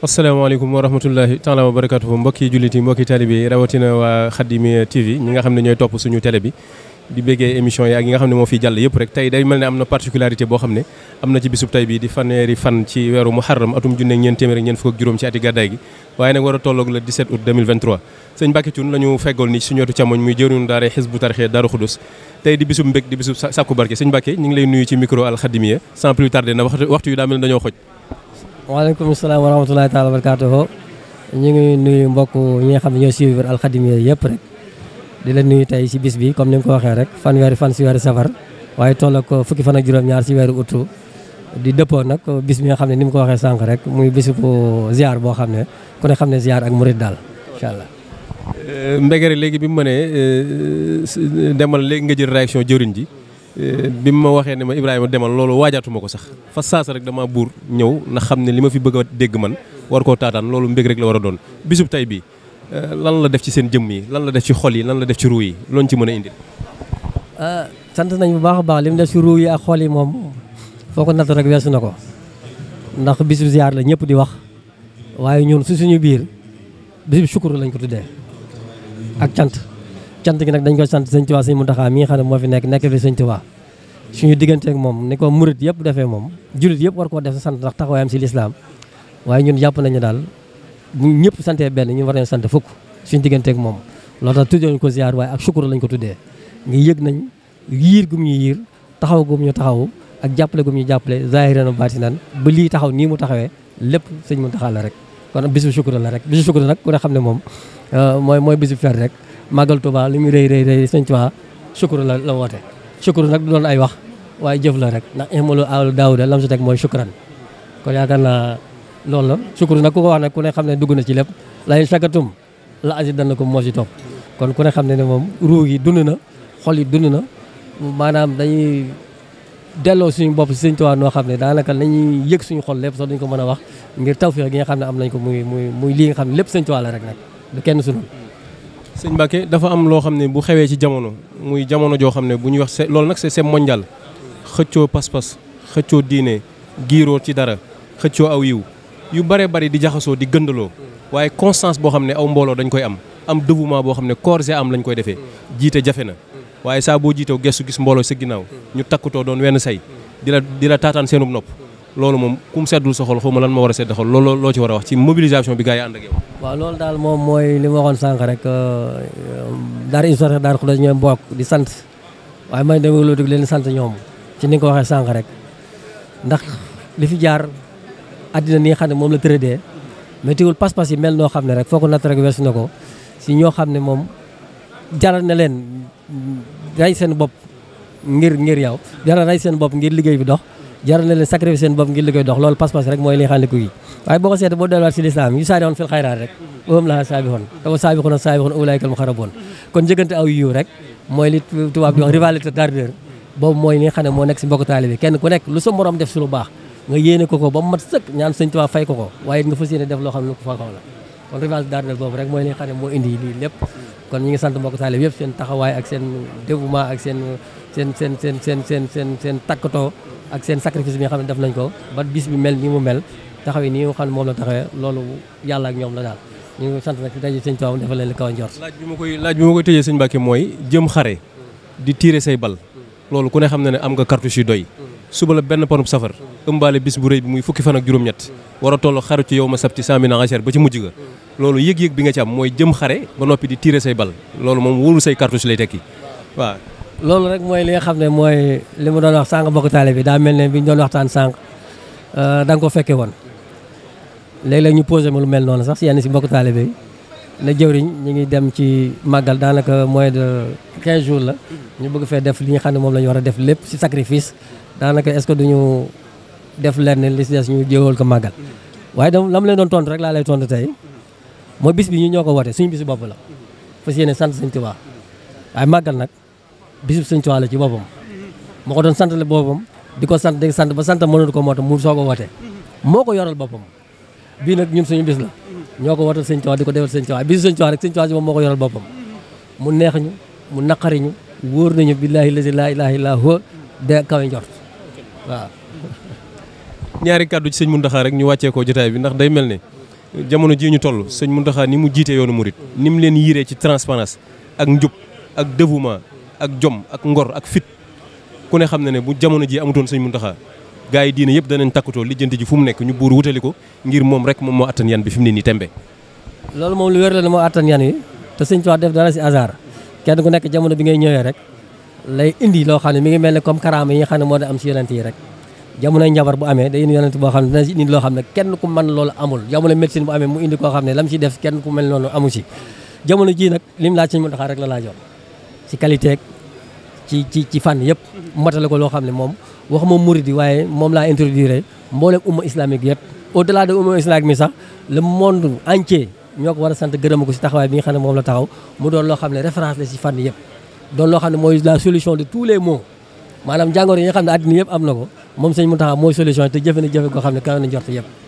asalaamaaleykum wa rahmatullahi taala wa barakatuhu mbokki jullit mbokki taalibe yi rawatina waa Xaddimi TV ñi nga xam ne ñooy topp suñu télé bi di béggee émission yi ak yi nga xam ne moo fi jàll yëpp rek tey day mel ne am na particularité boo xam ne am na ci bisub tey bi di fanweeri fan ci weeru muharram atum junne ñeent téeméer ñeent fukk ak juróom ci ati gàddaay gi waaye nag war a tolloog le 17 août 2023 sëñ Mbacke Thioune feggool ni suñu waaleykum salaam wa rahmatulahi taala wa barakaatuhu ñu ngi nuyu mbokk ñi nga xam ne ñoo suivre alxadimiya yëpp rek di la nuyu tey si bis bi comme ni nga ko waxee rek fanweeri fan si weeru safar waaye toll ko fukki fan ak juróom-ñaar si weeru ut di dëppoo nag bis bi nga xam ne ni mu ko waxee sànq rek muy bisu ziar boo xam ne ku ne xam ne ziar ak murid daal incha allah. Mbegere léegi bi mu mënee euh, demal léegi nga jël réaction jëriñ ji. Eh, bi ma waxee ne ma Ibrahima demal loolu waajaatuma ko sax fa saasa rek damaa buur ñëw na xam ne li ma fi bëgg a dégg man war koo taataan loolu mbég rek la war a doon bisub tey bii eh, lan la def ci seen jëmm yi lan la def ci xol yi lan la def ci ruu yi loolu ci mën a indil. Eh, sant nañ bu baax a baax li mu def ci ruu yi ak xol yi moom foo ko natt rek weesu na ko ndax bisub ziar la ñëpp di wax waaye ñun si suñu biir bisub sukkur lañ ko tuddee ak cant. cant gi nag dañ koy sant sëñ Tuubaa sëñ Muntaxaa mi nga xam ne moo fi nekk nekk fi sëñ Tuubaa suñu digganteek moom ni ko murit yëpp defee moom julit yëpp war koo def sa sant ndax taxawaayam si lislaam waaye ñun jàpp nañu daal ñëpp santee benn ñun war nañu sant fukk suñu digganteek moom loolu tax tuddee ko ziar waaye ak ko tuddee ngi yëg nañ yiir gum ñu yiir taxaw gum ñu taxaw ak jàppale gum ñu jàppale zahiran baatinan ba lii taxaw nii mu taxawee lépp sëñ Muntaxaa la rek kon bisu sukkur la rek bisu sukkur nag ku ne xam ne moom euh, màggal Touba li muy rey rey rëy sëñ Touba sukkur la la woote sukkur nag du doon ay wax waaye jëf la rek ndax imalu alu daawuda lam su teg mooy sukkuran kon yaakaar naa loolu la sukkur nag ko wax nag ku ne xam ne dugg na ci lépp la in shakatum la azidannakum moo si topp kon ku ne xam ne ne moom ruu yi dund na xol yi dund na maanaam dañuy delloo suñu bopp si sëñ Touba noo xam ne daanaka nañuy yeg suñu xol lépp sax duñ ko mën a wax ngir tawfeex gi nga xam ne am nañ ko muy muy muy lii nga xam lépp sëñ Touba rek nag du kenn sunu sëñ Mbacke dafa am loo xam ne bu xewee ci jamono muy jamono joo xam ne bu ñuy wax loolu nag c'est mondial xëccoo pas-pas xëccoo diine giiroo ci dara xëccoo aw yiw yu bare bari di jaxasoo di gëndaloo waaye constance boo xam ne aw mbooloo dañ koy am am dévouement boo xam ne corps am âme lañ koy defee jiite jafe na waaye saa boo jiitew gestu gis mbooloo sa ginnaaw ñu takkutoo doon wenn say di la di la taataan seenub nopp loolu moom ku mu seddul sa xol xaw ma lan ma war a sedd xol loolu loo ci war a wax ci mobilisation bi gars yi ànd ak yow. waaw loolu daal moom mooy li ma waxoon sànq rek euh, Daara Hizbut-Tarqiyyah Daara Khoudoss ñooy mbokk di sant waaye may demee lu leen sant ñoom ci ni nga ko waxee sànq rek ndax li fi jaar àddina ni nga xam ne moom la tëradee mais teewul pas-pas yi mel noo xam ne rek foo ko natt rek weesu na ko si ñoo xam ne moom jaral na leen rey seen bopp ngir ngir yow jaral rey seen bopp ngir liggéey bi dox. jaral na leen sacrifice seen bopp ngir li koy dox loolu pas-pas rek mooy li xaandiku gi waaye boo ko seete boo delluwaat si lislaam yu saari xoon fil xayraat rek boobu mooy li xam ne moo nekk si mbokk taalibe kenn ku nekk lu sa morom def su lu nga yéene ko ko ba mu mat sëkk ñaan sëñ tubaab fay ko ko waaye nga fas yéene def loo xam ne lu ko la kon rivalité d'ardeur boobu rek mooy li moo indi lii lépp kon ñi ngi sant mbokk taalibe yëpp seen taxawaay seen seen seen seen seen ak seen sacrifice bi nga xam ne def nañ ko ba bis bi mel nii mu mel taxawee nii nga xam ne moom la taxawee loolu yàlla ak ñoom la daal ñu ngi sant nag daje sëñ Tuubaa defal leen kaw njort bi ma koy laaj bi ma koy tëjee sëñ Mbàkke mooy jëm xare di tiire say bal loolu ku ne xam ne ne am nga cartouche yu doy suba la benn panub safar ëmbaale bis bu rëy bi muy fukki fan ak juróom-ñett war a toll xaru ci yow ma sabti samina enchère ba ci mujj ga loolu yëg-yëg bi nga ci am mooy jëm xare ba noppi di tiire say bal loolu moom wóolu say cartouche lay tekki waaw loolu rek mooy li nga xam ne mooy li mu doon wax sànq bokk taale bi daa mel ne bi ñu doon waxtaan sànq euh, da nga ko fekke woon léeg-léeg ñu posé ma lu mel noon sax si yenn si mbokk taale bi jëw riñ ñu ngi dem ci màggal daanaka moins de 15 jours la ñu bëgg fee def li ñu xam ne moom la ñu war a def lépp si sacrifice daanaka est-ce que duñu def lenn li si des ñu jéewal ko màggal waaye donc la leen doon tontu rek laa lay tontu tey moo bis bi ñu ñoo ko woote suñu bisu bopp la fas yéene sant Sëñ Tuubaa waaye màggal nag bisub sëñ Tuubaa la ci boppam moo ko doon sant le boppam di ko sant di sant ba sant mënatu ko moo tax mu soog a woote moo ko yoral boppam bii nag ñun suñu bis la ñoo ko wootal sëñ Tuubaa di ko defal sëñ bi bisu sëñ Tuubaa rek sëñ Tuubaa si moom moo ko yoral boppam mu neex ñu mu naqari ñu wóor nañu billaahi lazi laa ilaaha illaa de kawe njort waaw ñaari kàddu ci sëñ Muntaxa rek ñu wàccee ko jotaay bi ndax day mel ne jamono jii ñu toll sëñ Muntaxa ni mu jiite yoonu murit ni mu leen yiiree ci transparence ak njub ak dévouement ak jom ak ngor ak fit ku ne xamne ne bu jamono ji amutoon seigne muntaha gaay yi diine yëpp danañ li jeenti ji fum nek ñu buru wutali ko ngir mom rek mom mo atane yan bi fi ni tembe loolu mom lu wér la yan te seigne Tuubaa def dara si hasard kenn ku nek jamono bi ngay rek lay indi lo xamne mi ngi melni comme karama yi xamne mo da am ci yonent yi rek jamono ñabar bu amé day ñu yonent bo xamne ne indi lo xamne kenn ku man loolu amul jamono médecine bu amé mu indi ko xamne lam ci def kenn ku mel nonu amu ci jamono ji nak lim la seigne muntaha rek la la jox ci qualité ci ci ci fànn yëpp matale loo xam ne moom wax waxuma muridi waaye moom laa introduire mboolem umma islamique yëpp au delà de umma islamique mi sax le monde entier ñoo ko war a sant gërëm ko si taxawaay bi nga moom la taxaw mu doon loo xam ne référence la si fànn yëpp doon loo xam ne mooy la solution de tous les maux maanaam jàngoro yi nga xam ne àddina yëpp am na ko moom sëñ Mountakha mooy solution te jëfe na jëfe koo xam ne kawe na njort yëpp